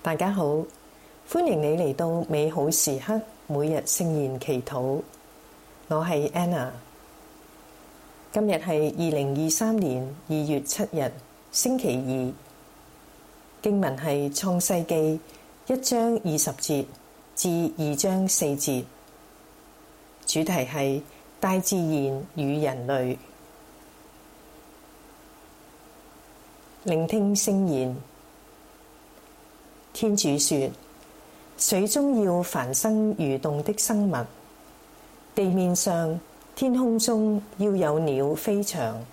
大家好，歡迎你嚟到美好時刻每日聖言祈禱，我係 Anna。今日係二零二三年二月七日星期二，經文係創世紀一章二十節至二章四節，主題係大自然與人類，聆聽聖言。天主說：水中要繁生蠕動的生物，地面上、天空中要有鳥飛翔。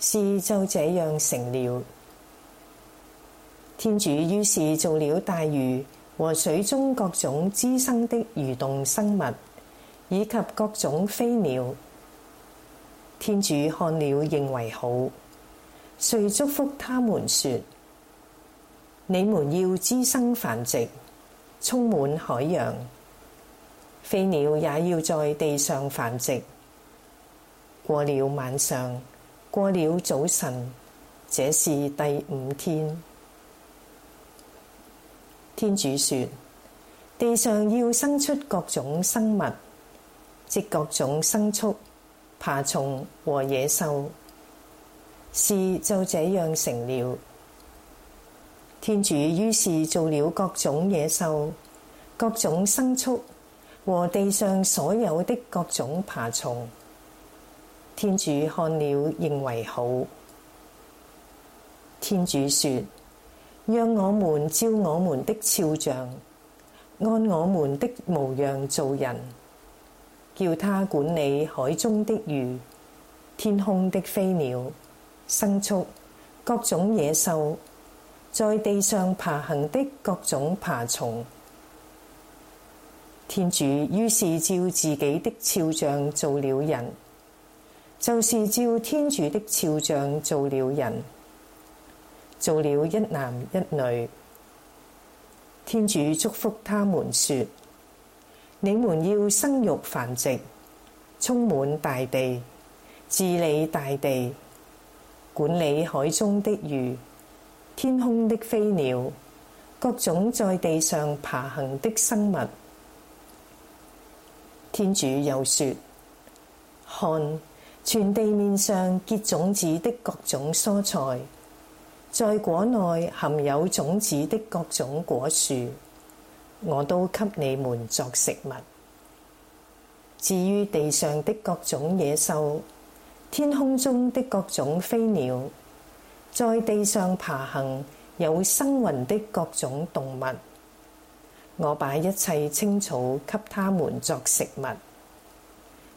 事就這樣成了。天主於是造了大魚和水中各種孳生的蠕動生物，以及各種飛鳥。天主看了認為好，遂祝福他們說。你們要孳生繁殖，充滿海洋；飛鳥也要在地上繁殖。過了晚上，過了早晨，這是第五天。天主說：地上要生出各種生物，即各種牲畜、爬蟲和野獸。事就這樣成了。天主於是造了各種野獸、各種牲畜和地上所有的各種爬蟲。天主看了，認為好。天主說：讓我們照我們的肖像，按我們的模樣造人，叫他管理海中的魚、天空的飛鳥、牲畜、各種野獸。在地上爬行的各種爬蟲，天主於是照自己的肖像造了人，就是照天主的肖像造了人，造了一男一女。天主祝福他們，說：你們要生育繁殖，充滿大地，治理大地，管理海中的魚。天空的飛鳥，各種在地上爬行的生物。天主又説：看，全地面上結種子的各種蔬菜，在果內含有種子的各種果樹，我都給你們作食物。至於地上的各種野獸，天空中的各種飛鳥。在地上爬行有生魂的各種動物，我把一切青草給他們作食物，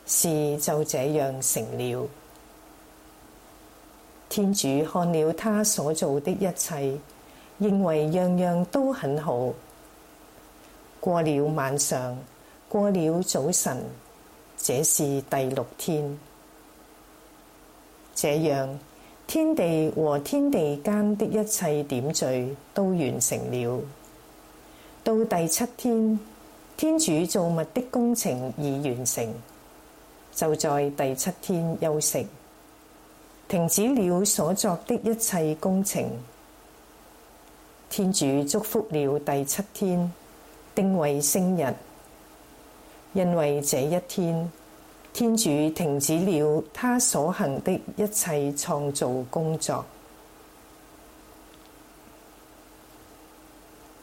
事就這樣成了。天主看了祂所做的一切，認為樣樣都很好。過了晚上，過了早晨，這是第六天。這樣。天地和天地間的一切點綴都完成了。到第七天，天主造物的工程已完成，就在第七天休息，停止了所作的一切工程。天主祝福了第七天，定為聖日，因為這一天。天主停止了他所行的一切創造工作，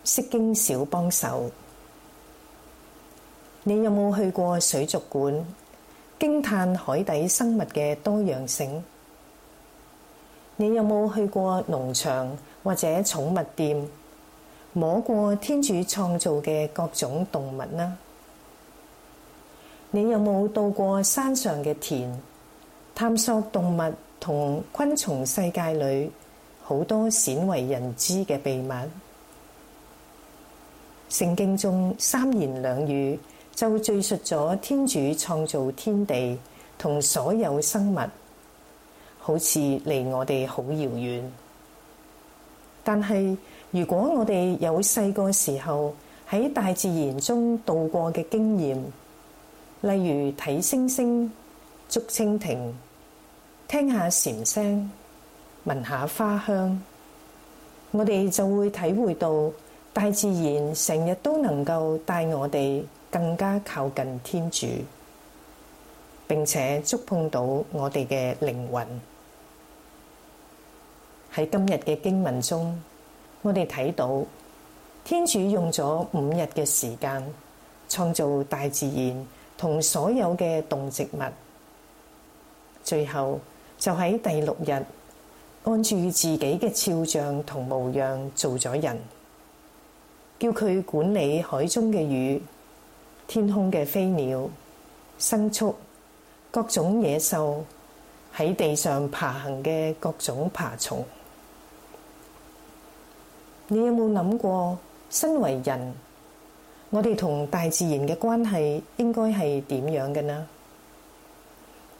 釋經小幫手。你有冇去過水族館，驚嘆海底生物嘅多樣性？你有冇去過農場或者寵物店，摸過天主創造嘅各種動物呢？你有冇到過山上嘅田，探索動物同昆蟲世界裏好多鮮為人知嘅秘密？聖經中三言兩語就敘述咗天主創造天地同所有生物，好似離我哋好遙遠。但係如果我哋有細個時候喺大自然中度過嘅經驗。例如睇星星、捉蜻蜓、聽下蟬聲、聞下花香，我哋就會體會到大自然成日都能夠帶我哋更加靠近天主，並且觸碰到我哋嘅靈魂。喺今日嘅經文中，我哋睇到天主用咗五日嘅時間創造大自然，同所有嘅動植物，最後就喺第六日，按住自己嘅肖像同模樣做咗人，叫佢管理海中嘅魚、天空嘅飛鳥、牲畜、各種野獸、喺地上爬行嘅各種爬蟲。你有冇諗過身為人，我哋同大自然嘅關係應該係點樣嘅呢？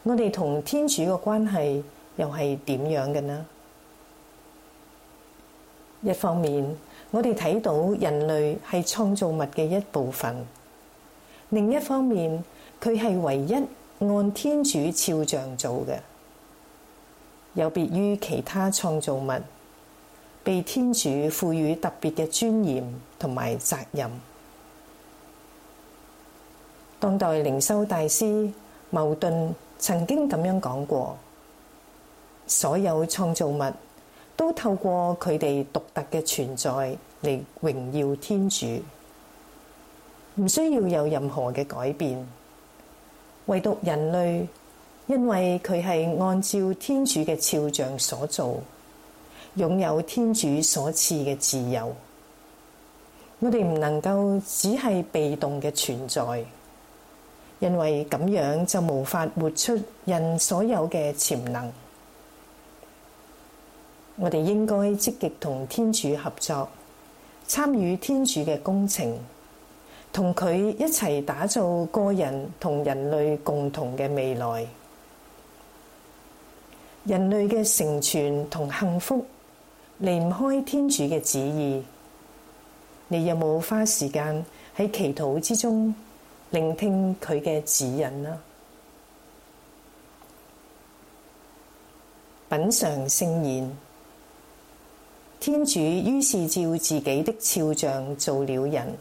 我哋同天主嘅關係又係點樣嘅呢？一方面，我哋睇到人類係創造物嘅一部分；另一方面，佢係唯一按天主肖像做嘅，有別於其他創造物，被天主賦予特別嘅尊嚴同埋責任。當代靈修大師牟頓曾經咁樣講過：所有創造物都透過佢哋獨特嘅存在嚟榮耀天主，唔需要有任何嘅改變。唯獨人類，因為佢係按照天主嘅肖像所做，擁有天主所賜嘅自由。我哋唔能夠只係被動嘅存在。因為咁樣就無法活出人所有嘅潛能。我哋應該積極同天主合作，參與天主嘅工程，同佢一齊打造個人同人類共同嘅未來。人類嘅成全同幸福，離唔開天主嘅旨意。你有冇花時間喺祈禱之中？聆聽佢嘅指引啦，品嘗聖言。天主於是照自己的肖像做了人，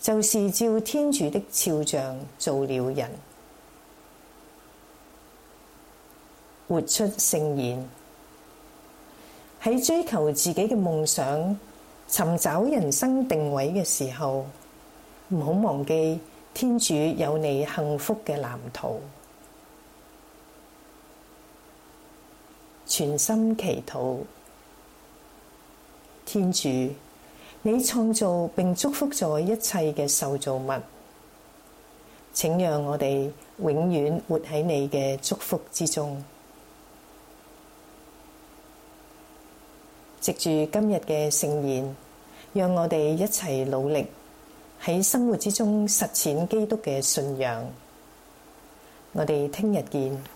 就是照天主的肖像做了人。活出聖言。喺追求自己嘅夢想、尋找人生定位嘅時候，唔好忘記。天主有你幸福嘅藍圖，全心祈禱。天主，你創造並祝福咗一切嘅受造物，請讓我哋永遠活喺你嘅祝福之中。藉住今日嘅聖言，讓我哋一齊努力。喺生活之中實踐基督嘅信仰，我哋聽日見。